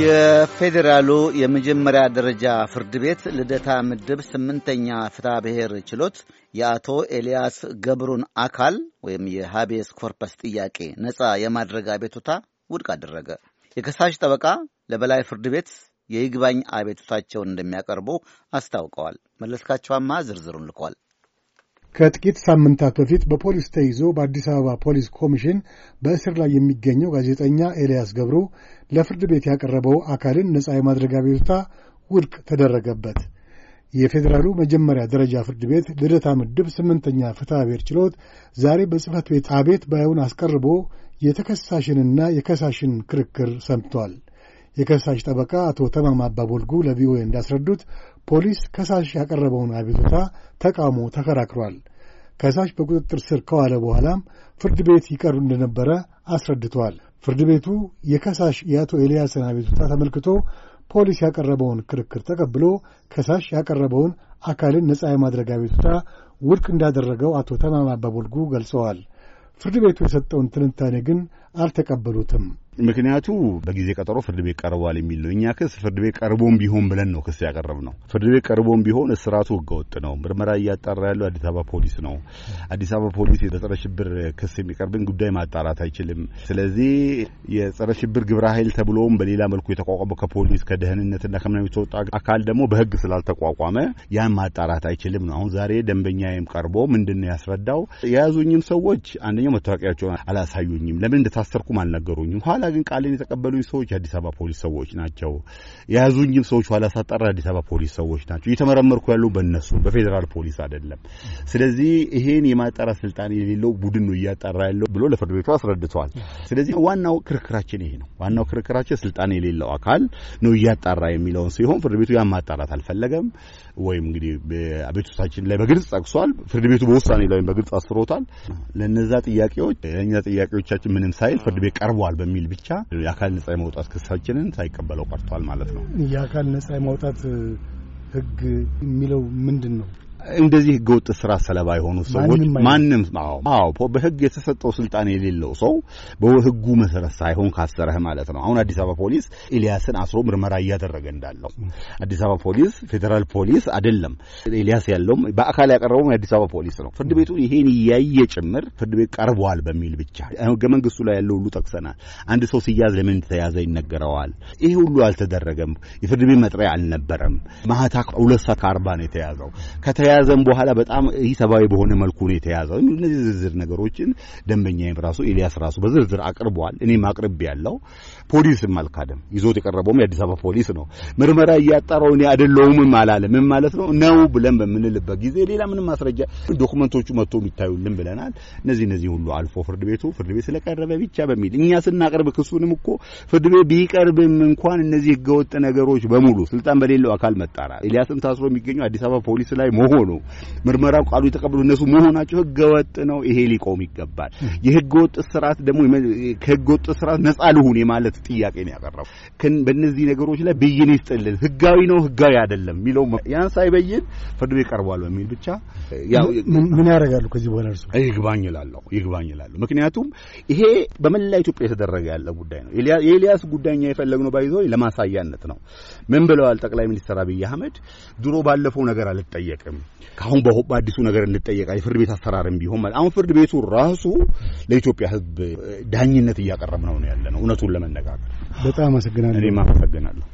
የፌዴራሉ የመጀመሪያ ደረጃ ፍርድ ቤት ልደታ ምድብ ስምንተኛ ፍትሐ ብሔር ችሎት የአቶ ኤልያስ ገብሩን አካል ወይም የሃቤስ ኮርፐስ ጥያቄ ነፃ የማድረግ አቤቱታ ውድቅ አደረገ። የከሳሽ ጠበቃ ለበላይ ፍርድ ቤት የይግባኝ አቤቱታቸውን እንደሚያቀርቡ አስታውቀዋል። መለስካቸዋማ ዝርዝሩን ልኳል። ከጥቂት ሳምንታት በፊት በፖሊስ ተይዞ በአዲስ አበባ ፖሊስ ኮሚሽን በእስር ላይ የሚገኘው ጋዜጠኛ ኤልያስ ገብሩ ለፍርድ ቤት ያቀረበው አካልን ነጻ የማድረግ አቤቱታ ውድቅ ተደረገበት። የፌዴራሉ መጀመሪያ ደረጃ ፍርድ ቤት ልደታ ምድብ ስምንተኛ ፍትሐ ብሔር ችሎት ዛሬ በጽህፈት ቤት አቤት ባዩን አስቀርቦ የተከሳሽንና የከሳሽን ክርክር ሰምቷል። የከሳሽ ጠበቃ አቶ ተማም አባቦልጉ ለቪኦኤ እንዳስረዱት ፖሊስ ከሳሽ ያቀረበውን አቤቱታ ተቃውሞ ተከራክሯል። ከሳሽ በቁጥጥር ስር ከዋለ በኋላም ፍርድ ቤት ይቀርብ እንደነበረ አስረድተዋል። ፍርድ ቤቱ የከሳሽ የአቶ ኤልያስን አቤቱታ ተመልክቶ ፖሊስ ያቀረበውን ክርክር ተቀብሎ ከሳሽ ያቀረበውን አካልን ነጻ የማድረግ አቤቱታ ውድቅ እንዳደረገው አቶ ተማም አባቦልጉ ገልጸዋል። ፍርድ ቤቱ የሰጠውን ትንታኔ ግን አልተቀበሉትም። ምክንያቱ በጊዜ ቀጠሮ ፍርድ ቤት ቀርቧል የሚል ነው። እኛ ክስ ፍርድ ቤት ቀርቦም ቢሆን ብለን ነው ክስ ያቀረብ ነው። ፍርድ ቤት ቀርቦም ቢሆን እስራቱ ህገወጥ ነው። ምርመራ እያጣራ ያለው አዲስ አበባ ፖሊስ ነው። አዲስ አበባ ፖሊስ በጸረ ሽብር ክስ የሚቀርብን ጉዳይ ማጣራት አይችልም። ስለዚህ የጸረ ሽብር ግብረ ኃይል ተብሎም በሌላ መልኩ የተቋቋመ ከፖሊስ ከደህንነትና ከምናም የተወጣ አካል ደግሞ በህግ ስላልተቋቋመ ያን ማጣራት አይችልም ነው። አሁን ዛሬ ደንበኛዬም ቀርቦ ምንድን ነው ያስረዳው የያዙኝም ሰዎች አንደኛው መታወቂያቸውን አላሳዩኝም ለምን እንደታሰርኩም አልነገሩኝም። ኋላ ግን ቃልን የተቀበሉኝ ሰዎች የአዲስ አበባ ፖሊስ ሰዎች ናቸው። የያዙኝም ሰዎች ኋላ ሳጣራ የአዲስ አበባ ፖሊስ ሰዎች ናቸው። እየተመረመርኩ ያለው በእነሱ በፌዴራል ፖሊስ አይደለም። ስለዚህ ይሄን የማጣራ ስልጣን የሌለው ቡድን ነው እያጣራ ያለው ብሎ ለፍርድ ቤቱ አስረድተዋል። ስለዚህ ዋናው ክርክራችን ይሄ ነው። ዋናው ክርክራችን ስልጣን የሌለው አካል ነው እያጣራ የሚለውን ሲሆን ፍርድ ቤቱ ያን ማጣራት አልፈለገም። ወይም እንግዲህ አቤቱታችን ላይ በግልጽ ጠቅሷል። ፍርድ ቤቱ በውሳኔ ላይ በግልጽ አስፍሮታል። ለነዛ ጥያቄዎች ለእኛ ጥያቄዎቻችን ምንም ሳይ ኃይል ፍርድ ቤት ቀርቧል በሚል ብቻ የአካል ነጻ የማውጣት ክሳችንን ሳይቀበለው ቀርቷል ማለት ነው። የአካል ነጻ የማውጣት ህግ የሚለው ምንድን ነው? እንደዚህ ህገወጥ ስራ ሰለባ የሆኑ ሰዎች ማንም አዎ፣ በህግ የተሰጠው ስልጣን የሌለው ሰው በህጉ መሰረት ሳይሆን ካሰረህ ማለት ነው። አሁን አዲስ አበባ ፖሊስ ኤልያስን አስሮ ምርመራ እያደረገ እንዳለው አዲስ አበባ ፖሊስ ፌዴራል ፖሊስ አይደለም። ኤልያስ ያለውም በአካል ያቀረበ የአዲስ አበባ ፖሊስ ነው። ፍርድ ቤቱ ይሄን እያየ ጭምር ፍርድ ቤት ቀርቧል በሚል ብቻ ህገ መንግስቱ ላይ ያለው ሁሉ ጠቅሰናል። አንድ ሰው ሲያዝ ለምን እንደተያዘ ይነገረዋል። ይሄ ሁሉ አልተደረገም። የፍርድ ቤት መጥሪያ አልነበረም። ማህታ ሁለት ሰዓት ከአርባ ነው የተያዘው። ከተያዘም በኋላ በጣም ኢሰብአዊ በሆነ መልኩ ነው የተያዘው። እነዚህ ዝርዝር ነገሮችን ደንበኛዬም ራሱ ኤልያስ ራሱ በዝርዝር አቅርቧል። እኔም አቅርብ ያለው ፖሊስም አልካደም። ይዞት የቀረበውም የአዲስ አበባ ፖሊስ ነው። ምርመራ እያጣራው እኔ አይደለሁም አላለም። ምን ማለት ነው ነው ብለን በምንልበት ጊዜ ሌላ ምንም ማስረጃ ዶክመንቶቹ መጥቶ የሚታዩልን ብለናል። እነዚህ እነዚህ ሁሉ አልፎ ፍርድ ቤቱ ፍርድ ቤት ስለቀረበ ብቻ በሚል እኛ ስናቀርብ ክሱንም እኮ ፍርድ ቤት ቢቀርብም እንኳን እነዚህ ህገወጥ ነገሮች በሙሉ ስልጣን በሌለው አካል መጣራ ኤልያስም ታስሮ የሚገኘው አዲስ አበባ ፖሊስ ላይ መሆኑ ነው ምርመራው ቃሉ የተቀበሉ እነሱ መሆናቸው ህገ ወጥ ነው። ይሄ ሊቆም ይገባል። የህገ ወጥ ስርዓት ደግሞ ከህገ ወጥ ስርዓት ነጻ ልሁን የማለት ጥያቄ ነው ያቀረቡ። በእነዚህ ነገሮች ላይ ብይን ይስጥልን፣ ህጋዊ ነው ህጋዊ አይደለም የሚለው ያን ሳይበይን ፍርድ ቤት ቀርቧል በሚል ብቻ ምን ያደርጋሉ? ከዚህ በኋላ እርሱ ይግባኝ እላለሁ ይግባኝ እላለሁ። ምክንያቱም ይሄ በመላ ኢትዮጵያ የተደረገ ያለ ጉዳይ ነው። የኤልያስ ጉዳይኛ የፈለግነው ባይዞ ለማሳያነት ነው። ምን ብለዋል ጠቅላይ ሚኒስትር አብይ አህመድ? ድሮ ባለፈው ነገር አልጠየቅም ከአሁን በአዲሱ ነገር እንጠየቃ የፍርድ ቤት አሰራርም ቢሆን ማለት አሁን ፍርድ ቤቱ ራሱ ለኢትዮጵያ ሕዝብ ዳኝነት እያቀረብ ነው ያለ ነው። እውነቱን ለመነጋገር በጣም አመሰግናለሁ። እኔም አመሰግናለሁ።